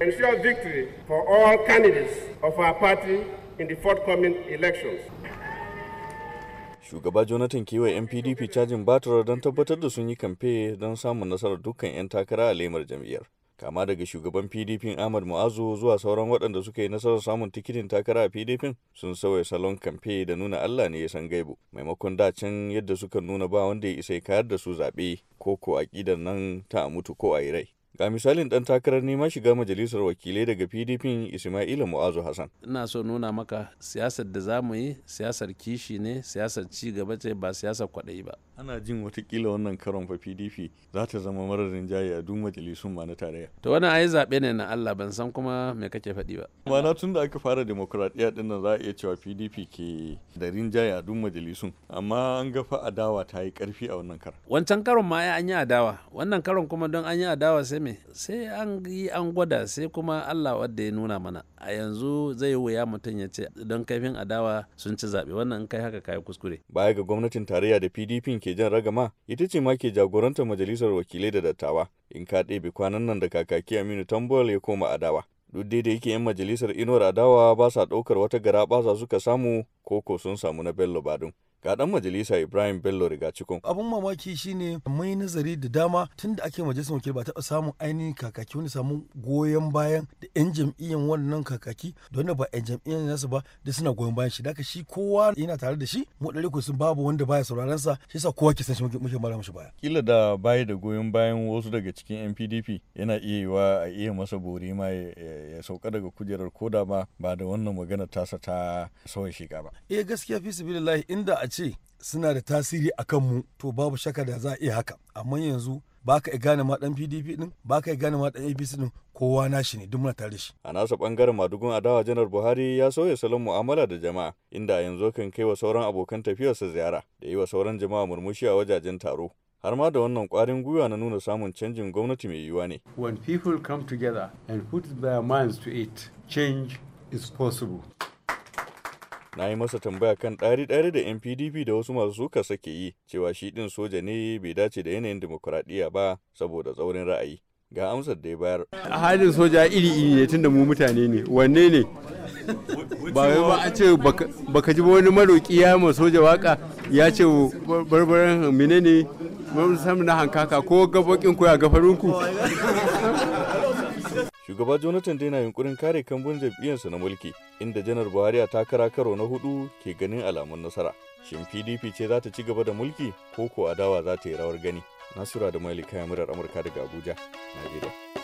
ensure victory for all candidates of our party in the forthcoming elections. Shugaba Jonathan kewa 'yan PDP cajin batura don tabbatar da sun yi kamfe don samun nasarar dukkan 'yan takara a lemar jam'iyyar. Kama daga shugaban PDP Ahmad Mu'azu zuwa sauran waɗanda suka yi nasarar samun tikitin takara a PDP sun sauya salon kamfe da nuna Allah ne ya san gaibu. Maimakon da can yadda suka nuna ba wanda ya isa ya kayar da su zaɓe ko ko ƙidan nan ta mutu ko a yi rai. Ga misalin ɗan takarar neman shiga majalisar wakilai daga PDP Ismaila Mu'azu Hassan. Ina so nuna maka siyasar da za mu yi siyasar kishi ne siyasar ci gaba ce ba siyasar kwaɗayi ba. Ana jin watakila wannan karon fa PDP za ta zama marar rinjaye a duk majalisun ma na tarayya. To wani ayi zaɓe ne na Allah ban san kuma mai kake faɗi ba. Mana tun da aka fara demokuraɗiyya ɗin nan za a iya cewa PDP ke da rinjaye a duk majalisun amma an ga fa adawa ta yi ƙarfi a wannan karon. Wancan karon ma an yi adawa wannan karon kuma don an yi adawa sai me sai an yi an gwada sai kuma allah wadda ya nuna mana a yanzu zai yi wuya mutum ya ce don kaifin adawa sun ci zaɓe wannan in kai haka kayi kuskure baya ga gwamnatin tarayya da pdp ke jan ragama ita ce ma ke jagorantar majalisar wakilai da dattawa in ka ɗebe kwanan nan da kakaki aminu tambol ya koma adawa duk dai da yake 'yan majalisar inuwar adawa ba sa ɗaukar wata gara suka samu ko sun samu na bello badun ga dan majalisa Ibrahim Bello riga cikon. Abun mamaki shine mai nazari da dama tun da ake majalisar wakil ba taɓa samun ainihin kakaki wani samu goyon bayan da yan jam'iyyan wannan kakaki don ba yan jam'iyyan nasu ba da suna goyon bayan shi da shi kowa yana tare da shi mu ɗari sun babu wanda baya sauraron sa shi sa kowa ke san shi muke mara mishi baya. Kila da baya da goyon bayan wasu daga cikin NPDP yana iya yiwa a iya masa bori ma ya sauka daga kujerar koda ba ba da wannan magana tasa ta sauya shiga ba. Eh gaskiya fi sabilillahi inda a ce suna da tasiri a kanmu to babu shaka da za a iya haka amma yanzu ba ka gane ma dan pdp din ba ka gane ma dan apc din kowa nashi ne duk muna tare shi a nasa bangaren madugun adawa janar buhari ya sauya salon mu'amala da jama'a inda yanzu kan kai wa sauran abokan tafiyarsa ziyara da yi wa sauran jama'a murmushi a wajajen taro har ma da wannan kwarin gwiwa na nuna samun canjin gwamnati mai yiwuwa ne when people come together and put their minds to it change is possible Na yi masa tambaya kan ɗari-ɗari da 'yan PDP da wasu masu suka sake yi cewa shi ɗin soja ne bai dace da yanayin dimokuraɗiyya ba saboda tsaurin ra'ayi. Ga amsar da ya bayar. A halin soja iri-iri ne tunda mu mutane ne, wanne ne? Ba wai ba a ce baka ji wani maroƙi ya ma soja waka ya ce barbaran ne mun samu na hankaka ko gabokin ko ya gafarunku shugaba jonathan dai na yunkurin kare kambun jam'iyyarsa na mulki inda janar buhari a takara karo na hudu ke ganin alamun nasara shin pdp ce za ta ci gaba da mulki ko ko adawa za ta yi rawar gani nasura da mailika murar amurka daga abuja najeriya